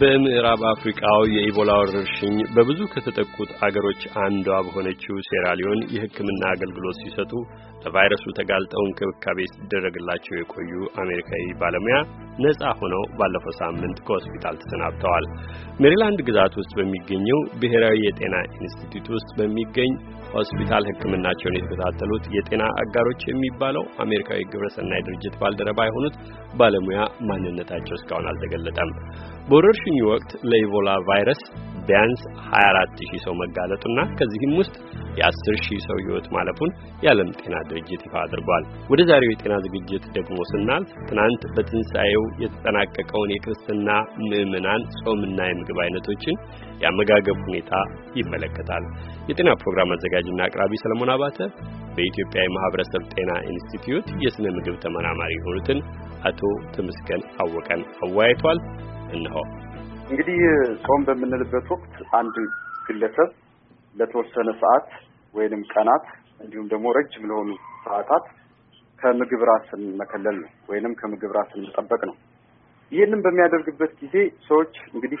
በምዕራብ አፍሪቃው የኢቦላ ወረርሽኝ በብዙ ከተጠቁት አገሮች አንዷ በሆነችው ሴራሊዮን የሕክምና አገልግሎት ሲሰጡ ለቫይረሱ ተጋልጠው እንክብካቤ ሲደረግላቸው የቆዩ አሜሪካዊ ባለሙያ ነጻ ሆነው ባለፈው ሳምንት ከሆስፒታል ተሰናብተዋል። ሜሪላንድ ግዛት ውስጥ በሚገኘው ብሔራዊ የጤና ኢንስቲትዩት ውስጥ በሚገኝ ሆስፒታል ሕክምናቸውን የተከታተሉት የጤና አጋሮች የሚባለው አሜሪካዊ ግብረሰናይ ድርጅት ባልደረባ የሆኑት ባለሙያ ማንነታቸው እስካሁን አልተገለጠም። በኩፍኝ ወቅት ለኢቦላ ቫይረስ ቢያንስ 24000 ሰው መጋለጡና ከዚህም ውስጥ የ10000 ሰው ሕይወት ማለፉን የዓለም ጤና ድርጅት ይፋ አድርጓል። ወደ ዛሬው የጤና ዝግጅት ደግሞ ስናልፍ ትናንት በትንሣኤው የተጠናቀቀውን የክርስትና ምዕመናን ጾምና የምግብ አይነቶችን የአመጋገብ ሁኔታ ይመለከታል። የጤና ፕሮግራም አዘጋጅና አቅራቢ ሰለሞን አባተ በኢትዮጵያ የማህበረሰብ ጤና ኢንስቲትዩት የስነ ምግብ ተመራማሪ የሆኑትን አቶ ተመስገን አወቀን አወያይቷል። እንሆ እንግዲህ ጾም በምንልበት ወቅት አንድ ግለሰብ ለተወሰነ ሰዓት ወይንም ቀናት እንዲሁም ደግሞ ረጅም ለሆኑ ሰዓታት ከምግብ ራስን መከለል ነው ወይንም ከምግብ ራስን መጠበቅ ነው። ይህንም በሚያደርግበት ጊዜ ሰዎች እንግዲህ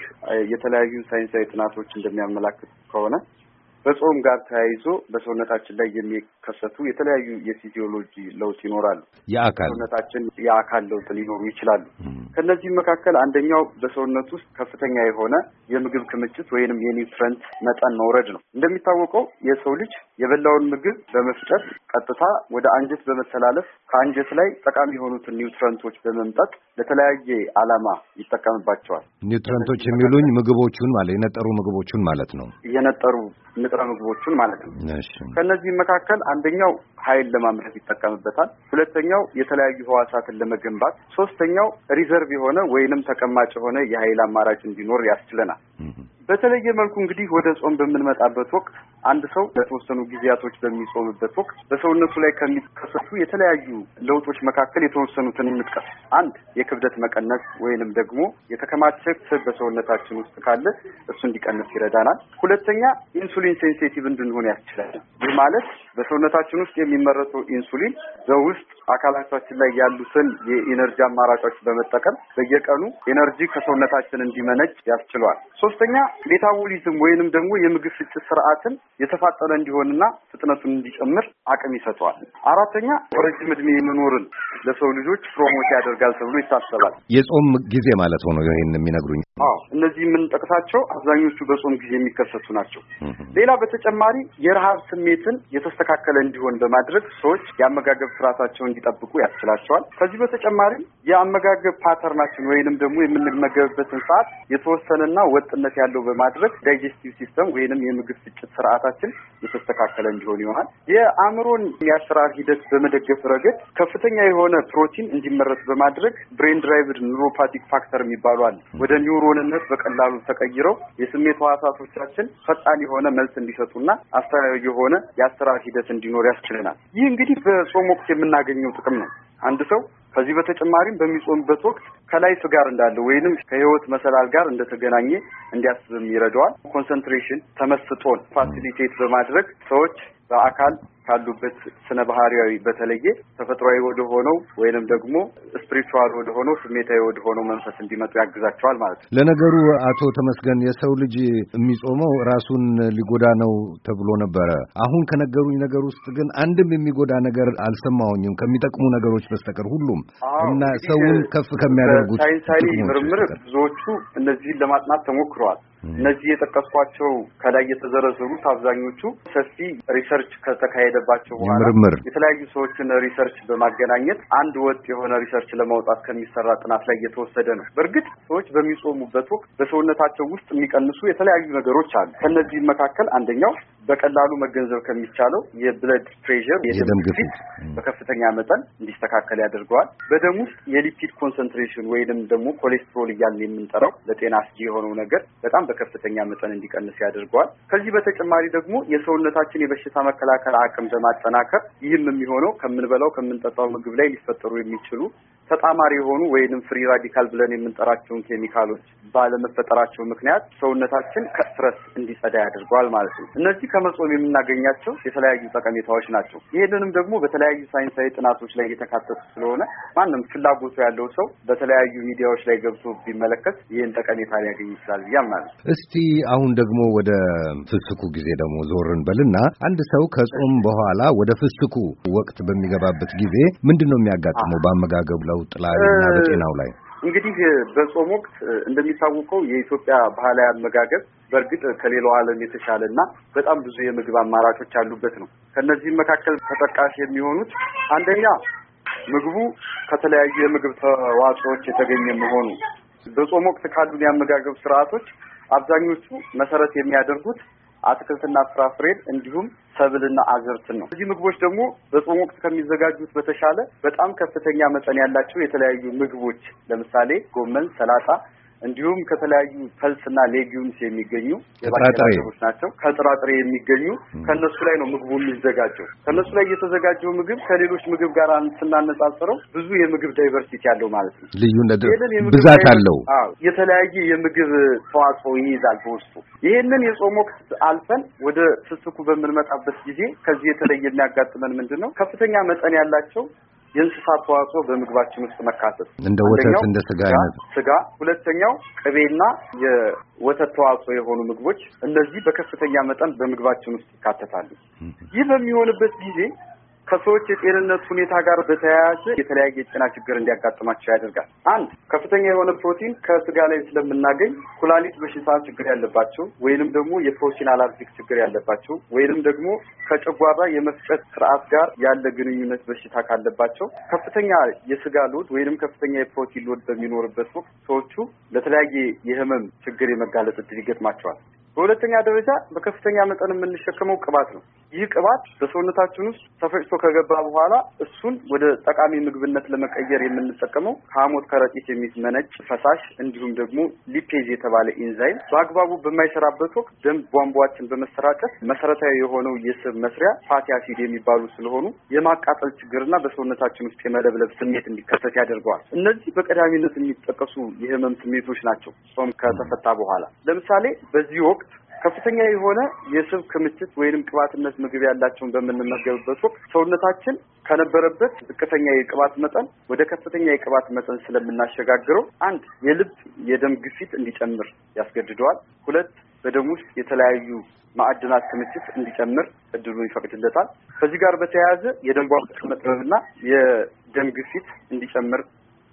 የተለያዩ ሳይንሳዊ ጥናቶች እንደሚያመላክቱ ከሆነ በጾም ጋር ተያይዞ በሰውነታችን ላይ ከሰቱ የተለያዩ የፊዚዮሎጂ ለውጥ ይኖራሉ። የአካል ሰውነታችን የአካል ለውጥ ሊኖሩ ይችላሉ። ከእነዚህም መካከል አንደኛው በሰውነት ውስጥ ከፍተኛ የሆነ የምግብ ክምችት ወይንም የኒውትረንት መጠን መውረድ ነው። እንደሚታወቀው የሰው ልጅ የበላውን ምግብ በመፍጨት ቀጥታ ወደ አንጀት በመተላለፍ ከአንጀት ላይ ጠቃሚ የሆኑትን ኒውትረንቶች በመምጠጥ ለተለያየ ዓላማ ይጠቀምባቸዋል። ኒውትረንቶች የሚሉኝ ምግቦቹን ማለት የነጠሩ ምግቦቹን ማለት ነው። የነጠሩ ንጥረ ምግቦቹን ማለት ነው። ከእነዚህም መካከል አንደኛው ኃይል ለማምረት ይጠቀምበታል። ሁለተኛው የተለያዩ ህዋሳትን ለመገንባት፣ ሶስተኛው ሪዘርቭ የሆነ ወይንም ተቀማጭ የሆነ የኃይል አማራጭ እንዲኖር ያስችለናል። በተለየ መልኩ እንግዲህ ወደ ጾም በምንመጣበት ወቅት አንድ ሰው ለተወሰኑ ጊዜያቶች በሚጾምበት ወቅት በሰውነቱ ላይ ከሚከሰቱ የተለያዩ ለውጦች መካከል የተወሰኑትን እንጥቀስ። አንድ የክብደት መቀነስ ወይንም ደግሞ የተከማቸ ስብ በሰውነታችን ውስጥ ካለ እሱ እንዲቀንስ ይረዳናል። ሁለተኛ ኢንሱሊን ሴንሲቲቭ እንድንሆን ያስችላል። ይህ ማለት በሰውነታችን ውስጥ የሚመረተው ኢንሱሊን በውስጥ አካላቻችን ላይ ያሉትን የኢነርጂ አማራጮች በመጠቀም በየቀኑ ኢነርጂ ከሰውነታችን እንዲመነጭ ያስችሏል። ሶስተኛ ሜታቦሊዝም ወይንም ደግሞ የምግብ ፍጭት ስርዓትን የተፋጠነ እንዲሆንና ፍጥነቱን እንዲጨምር አቅም ይሰጠዋል። አራተኛ ረጅም እድሜ መኖርን ለሰው ልጆች ፕሮሞት ያደርጋል ተብሎ ይታሰባል። የጾም ጊዜ ማለት ሆነው ይህን የሚነግሩኝ? አዎ እነዚህ የምንጠቅሳቸው አብዛኞቹ በጾም ጊዜ የሚከሰቱ ናቸው። ሌላ በተጨማሪ የረሃብ ስሜትን የተስተካከለ እንዲሆን በማድረግ ሰዎች የአመጋገብ ስርዓታቸውን እንዲጠብቁ ያስችላቸዋል። ከዚህ በተጨማሪም የአመጋገብ ፓተርናችን ወይንም ደግሞ የምንመገብበትን ሰዓት የተወሰነና ወጥነት ያለው በማድረግ ዳይጀስቲቭ ሲስተም ወይንም የምግብ ፍጭት ስርዓታችን የተስተካከለ እንዲሆን ይሆናል። የአእምሮን የአሰራር ሂደት በመደገፍ ረገድ ከፍተኛ የሆነ ፕሮቲን እንዲመረት በማድረግ ብሬን ድራይቭድ ኒውሮፓቲክ ፋክተር የሚባሉ አለ። ወደ ኒውሮንነት በቀላሉ ተቀይረው የስሜት ህዋሳቶቻችን ፈጣን የሆነ መልስ እንዲሰጡና አስተያየው የሆነ የአሰራር ሂደት እንዲኖር ያስችለናል። ይህ እንግዲህ በጾም ወቅት የምናገኘ የሚያገኘው ጥቅም ነው። አንድ ሰው ከዚህ በተጨማሪም በሚጾምበት ወቅት ከላይፍ ጋር እንዳለ ወይንም ከህይወት መሰላል ጋር እንደተገናኘ እንዲያስብም ይረዳዋል። ኮንሰንትሬሽን ተመስጦን ፋሲሊቴት በማድረግ ሰዎች በአካል ካሉበት ስነ ባህሪያዊ በተለየ ተፈጥሯዊ ወደ ሆነው ወይንም ደግሞ ስፕሪቹዋል ወደ ሆነው ስሜታዊ ወደ ሆነው መንፈስ እንዲመጡ ያግዛቸዋል ማለት ነው። ለነገሩ አቶ ተመስገን የሰው ልጅ የሚጾመው ራሱን ሊጎዳ ነው ተብሎ ነበረ። አሁን ከነገሩኝ ነገር ውስጥ ግን አንድም የሚጎዳ ነገር አልሰማሁኝም ከሚጠቅሙ ነገሮች በስተቀር ሁሉም እና ሰውን ከፍ ከሚያደርጉት ሳይንሳዊ ምርምር ብዙዎቹ እነዚህን ለማጥናት ተሞክረዋል። እነዚህ የጠቀስኳቸው ከላይ የተዘረዘሩት አብዛኞቹ ሰፊ ሪሰርች ከተካሄደባቸው በኋላ የተለያዩ ሰዎችን ሪሰርች በማገናኘት አንድ ወጥ የሆነ ሪሰርች ለማውጣት ከሚሰራ ጥናት ላይ እየተወሰደ ነው። በእርግጥ ሰዎች በሚጾሙበት ወቅት በሰውነታቸው ውስጥ የሚቀንሱ የተለያዩ ነገሮች አሉ። ከእነዚህም መካከል አንደኛው በቀላሉ መገንዘብ ከሚቻለው የብለድ ፕሬሽር የደም ግፊት በከፍተኛ መጠን እንዲስተካከል ያደርገዋል። በደም ውስጥ የሊፒድ ኮንሰንትሬሽን ወይንም ደግሞ ኮሌስትሮል እያልን የምንጠራው ለጤና አስጊ የሆነው ነገር በጣም በከፍተኛ መጠን እንዲቀንስ ያደርገዋል። ከዚህ በተጨማሪ ደግሞ የሰውነታችን የበሽታ መከላከል አቅም በማጠናከር ይህም የሚሆነው ከምንበላው ከምንጠጣው ምግብ ላይ ሊፈጠሩ የሚችሉ ተጣማሪ የሆኑ ወይንም ፍሪ ራዲካል ብለን የምንጠራቸውን ኬሚካሎች ባለመፈጠራቸው ምክንያት ሰውነታችን ከስትረስ እንዲጸዳ ያደርገዋል ማለት ነው። እነዚህ ከመጾም የምናገኛቸው የተለያዩ ጠቀሜታዎች ናቸው። ይህንንም ደግሞ በተለያዩ ሳይንሳዊ ጥናቶች ላይ እየተካተቱ ስለሆነ ማንም ፍላጎቱ ያለው ሰው በተለያዩ ሚዲያዎች ላይ ገብቶ ቢመለከት ይህን ጠቀሜታ ሊያገኝ ይችላል ብዬ አምናለሁ። እስቲ አሁን ደግሞ ወደ ፍስኩ ጊዜ ደግሞ ዞርን በልና አንድ ሰው ከጾም በኋላ ወደ ፍስኩ ወቅት በሚገባበት ጊዜ ምንድን ነው የሚያጋጥመው በአመጋገቡ ለውጥ ላይ እና በጤናው ላይ? እንግዲህ በጾም ወቅት እንደሚታወቀው የኢትዮጵያ ባህላዊ አመጋገብ በእርግጥ ከሌላው ዓለም የተሻለ እና በጣም ብዙ የምግብ አማራጮች ያሉበት ነው። ከእነዚህም መካከል ተጠቃሽ የሚሆኑት አንደኛ ምግቡ ከተለያዩ የምግብ ተዋጽኦዎች የተገኘ መሆኑ። በጾም ወቅት ካሉን የአመጋገብ ስርዓቶች አብዛኞቹ መሰረት የሚያደርጉት አትክልትና ፍራፍሬን እንዲሁም ሰብልና አዝርትን ነው። እዚህ ምግቦች ደግሞ በጾም ወቅት ከሚዘጋጁት በተሻለ በጣም ከፍተኛ መጠን ያላቸው የተለያዩ ምግቦች ለምሳሌ ጎመን፣ ሰላጣ እንዲሁም ከተለያዩ ፐልስና ሌጊዩምስ የሚገኙ የባቸሮች ናቸው። ከጥራጥሬ የሚገኙ ከእነሱ ላይ ነው ምግቡ የሚዘጋጀው። ከእነሱ ላይ የተዘጋጀው ምግብ ከሌሎች ምግብ ጋር ስናነጻጽረው ብዙ የምግብ ዳይቨርሲቲ አለው ማለት ነው። ልዩነት ብዛት አለው። የተለያየ የምግብ ተዋጽኦ ይይዛል በውስጡ። ይህንን የጾም ወቅት አልፈን ወደ ፍስኩ በምንመጣበት ጊዜ ከዚህ የተለየ የሚያጋጥመን ምንድን ነው? ከፍተኛ መጠን ያላቸው የእንስሳት ተዋጽኦ በምግባችን ውስጥ መካተት እንደ ወተት፣ እንደ ስጋ ስጋ። ሁለተኛው ቅቤና የወተት ተዋጽኦ የሆኑ ምግቦች እነዚህ በከፍተኛ መጠን በምግባችን ውስጥ ይካተታሉ። ይህ በሚሆንበት ጊዜ ከሰዎች የጤንነት ሁኔታ ጋር በተያያዘ የተለያየ የጤና ችግር እንዲያጋጥማቸው ያደርጋል። አንድ ከፍተኛ የሆነ ፕሮቲን ከስጋ ላይ ስለምናገኝ ኩላሊት በሽታ ችግር ያለባቸው ወይንም ደግሞ የፕሮቲን አላርጂክ ችግር ያለባቸው ወይንም ደግሞ ከጨጓራ የመፍጨት ስርዓት ጋር ያለ ግንኙነት በሽታ ካለባቸው ከፍተኛ የስጋ ሎድ ወይንም ከፍተኛ የፕሮቲን ሎድ በሚኖርበት ወቅት ሰዎቹ ለተለያየ የህመም ችግር የመጋለጥ እድል ይገጥማቸዋል። በሁለተኛ ደረጃ በከፍተኛ መጠን የምንሸከመው ቅባት ነው። ይህ ቅባት በሰውነታችን ውስጥ ተፈጭቶ ከገባ በኋላ እሱን ወደ ጠቃሚ ምግብነት ለመቀየር የምንጠቀመው ከሐሞት ከረጢት የሚመነጭ ፈሳሽ እንዲሁም ደግሞ ሊፔዝ የተባለ ኢንዛይም በአግባቡ በማይሰራበት ወቅት ደም ቧንቧችን በመሰራጨት መሰረታዊ የሆነው የስብ መስሪያ ፋቲ አሲድ የሚባሉ ስለሆኑ የማቃጠል ችግርና በሰውነታችን ውስጥ የመለብለብ ስሜት እንዲከሰት ያደርገዋል። እነዚህ በቀዳሚነት የሚጠቀሱ የህመም ስሜቶች ናቸው ጾም ከተፈታ በኋላ ለምሳሌ በዚህ ወቅት ወቅት ከፍተኛ የሆነ የስብ ክምችት ወይንም ቅባትነት ምግብ ያላቸውን በምንመገብበት ወቅት ሰውነታችን ከነበረበት ዝቅተኛ የቅባት መጠን ወደ ከፍተኛ የቅባት መጠን ስለምናሸጋግረው አንድ የልብ የደም ግፊት እንዲጨምር ያስገድደዋል። ሁለት በደም ውስጥ የተለያዩ ማዕድናት ክምችት እንዲጨምር እድሉን ይፈቅድለታል። ከዚህ ጋር በተያያዘ የደም ቧንቧ መጥበብና የደም ግፊት እንዲጨምር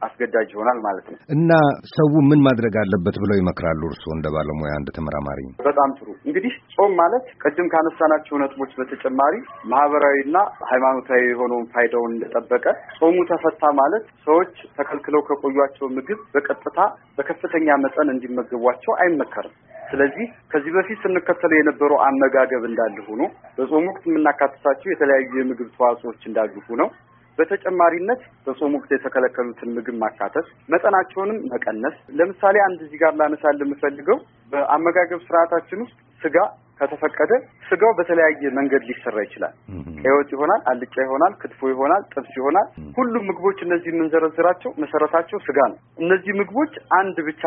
አስገዳጅ ይሆናል ማለት ነው እና ሰው ምን ማድረግ አለበት ብለው ይመክራሉ? እርስዎ እንደ ባለሙያ እንደ ተመራማሪ። በጣም ጥሩ እንግዲህ ጾም ማለት ቅድም ካነሳናቸው ነጥቦች በተጨማሪ ማህበራዊና ሃይማኖታዊ የሆነውን ፋይዳውን እንደጠበቀ ጾሙ ተፈታ ማለት ሰዎች ተከልክለው ከቆዩቸው ምግብ በቀጥታ በከፍተኛ መጠን እንዲመገቧቸው አይመከርም። ስለዚህ ከዚህ በፊት ስንከተለው የነበረው አመጋገብ እንዳለ ሆኖ በጾም ወቅት የምናካትታቸው የተለያዩ የምግብ ተዋጽኦዎች እንዳሉ ሆነው በተጨማሪነት በጾም ወቅት የተከለከሉትን ምግብ ማካተት፣ መጠናቸውንም መቀነስ። ለምሳሌ አንድ እዚህ ጋር ላነሳል የምፈልገው በአመጋገብ ስርዓታችን ውስጥ ስጋ ከተፈቀደ ስጋው በተለያየ መንገድ ሊሰራ ይችላል። ቀይ ወጥ ይሆናል፣ አልጫ ይሆናል፣ ክትፎ ይሆናል፣ ጥብስ ይሆናል። ሁሉም ምግቦች እነዚህ የምንዘረዝራቸው መሰረታቸው ስጋ ነው። እነዚህ ምግቦች አንድ ብቻ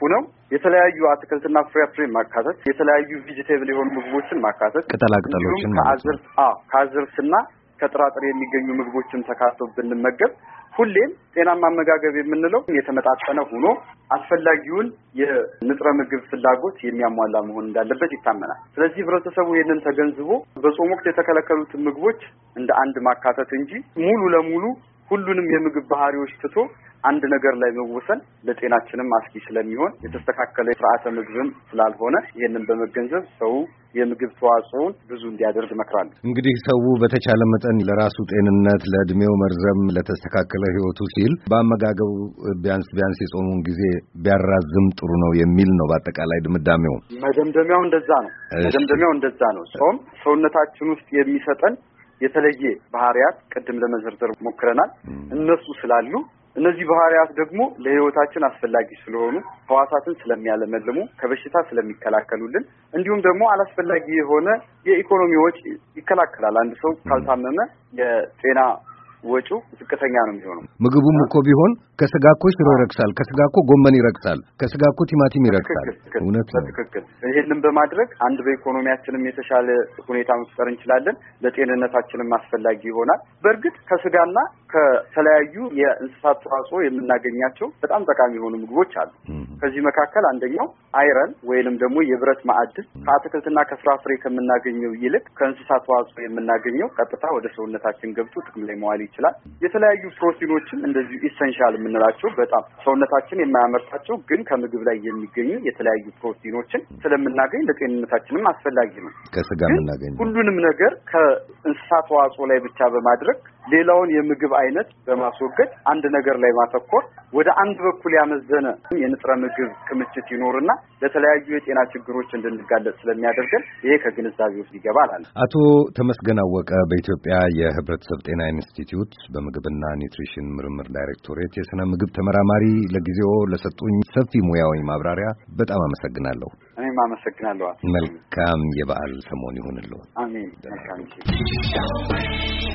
ሁነው የተለያዩ አትክልትና ፍራፍሬ ማካተት፣ የተለያዩ ቬጂቴብል የሆኑ ምግቦችን ማካተት፣ ቅጠላቅጠሎችን ከአዝርትና ከጥራጥሬ የሚገኙ ምግቦችን ተካቶ ብንመገብ ሁሌም ጤናማ አመጋገብ የምንለው የተመጣጠነ ሆኖ አስፈላጊውን የንጥረ ምግብ ፍላጎት የሚያሟላ መሆን እንዳለበት ይታመናል። ስለዚህ ህብረተሰቡ ይህንን ተገንዝቦ በጾም ወቅት የተከለከሉትን ምግቦች እንደ አንድ ማካተት እንጂ ሙሉ ለሙሉ ሁሉንም የምግብ ባህሪዎች ትቶ አንድ ነገር ላይ መወሰን ለጤናችንም አስጊ ስለሚሆን የተስተካከለ ስርዓተ ምግብም ስላልሆነ ይህንን በመገንዘብ ሰው የምግብ ተዋጽኦን ብዙ እንዲያደርግ እመክራለሁ። እንግዲህ ሰው በተቻለ መጠን ለራሱ ጤንነት፣ ለእድሜው መርዘም፣ ለተስተካከለ ህይወቱ ሲል በአመጋገቡ ቢያንስ ቢያንስ የጾሙን ጊዜ ቢያራዝም ጥሩ ነው የሚል ነው በአጠቃላይ ድምዳሜው። መደምደሚያው እንደዛ ነው። መደምደሚያው እንደዛ ነው። ጾም ሰውነታችን ውስጥ የሚሰጠን የተለየ ባህሪያት ቅድም ለመዘርዘር ሞክረናል። እነሱ ስላሉ እነዚህ ባህሪያት ደግሞ ለህይወታችን አስፈላጊ ስለሆኑ ህዋሳትን ስለሚያለመልሙ፣ ከበሽታ ስለሚከላከሉልን እንዲሁም ደግሞ አላስፈላጊ የሆነ የኢኮኖሚ ወጪ ይከላከላል። አንድ ሰው ካልታመመ የጤና ወጪው ዝቅተኛ ነው የሚሆነው። ምግቡም እኮ ቢሆን ከስጋ እኮ ሽሮ ይረግሳል ከስጋ እኮ ጎመን ይረግሳል ከስጋ እኮ ቲማቲም ይረግሳል። እውነት ነው። ትክክል። ይህንም በማድረግ አንድ በኢኮኖሚያችንም የተሻለ ሁኔታ መፍጠር እንችላለን፣ ለጤንነታችንም አስፈላጊ ይሆናል። በእርግጥ ከስጋና ከተለያዩ የእንስሳት ተዋጽኦ የምናገኛቸው በጣም ጠቃሚ የሆኑ ምግቦች አሉ። ከዚህ መካከል አንደኛው አይረን ወይንም ደግሞ የብረት ማዕድን ከአትክልትና ከፍራፍሬ ከምናገኘው ይልቅ ከእንስሳ ተዋጽኦ የምናገኘው ቀጥታ ወደ ሰውነታችን ገብቶ ጥቅም ላይ መዋል ይችላል። የተለያዩ ፕሮቲኖችም እንደዚሁ ኢሰንሻል የምንላቸው በጣም ሰውነታችን የማያመርታቸው ግን ከምግብ ላይ የሚገኙ የተለያዩ ፕሮቲኖችን ስለምናገኝ ለጤንነታችንም አስፈላጊ ነው። ከስጋ የምናገኝ ሁሉንም ነገር ከእንስሳ ተዋጽኦ ላይ ብቻ በማድረግ ሌላውን የምግብ አይነት በማስወገድ አንድ ነገር ላይ ማተኮር ወደ አንድ በኩል ያመዘነ የንጥረ የምግብ ክምችት ይኖርና ለተለያዩ የጤና ችግሮች እንድንጋለጥ ስለሚያደርገን ይሄ ከግንዛቤ ውስጥ ይገባ አላለ። አቶ ተመስገን አወቀ በኢትዮጵያ የህብረተሰብ ጤና ኢንስቲትዩት በምግብና ኒውትሪሽን ምርምር ዳይሬክቶሬት የስነ ምግብ ተመራማሪ፣ ለጊዜው ለሰጡኝ ሰፊ ሙያዊ ማብራሪያ በጣም አመሰግናለሁ። እኔም አመሰግናለሁ። መልካም የበዓል ሰሞን ይሁንልዎ። አሜን። መልካም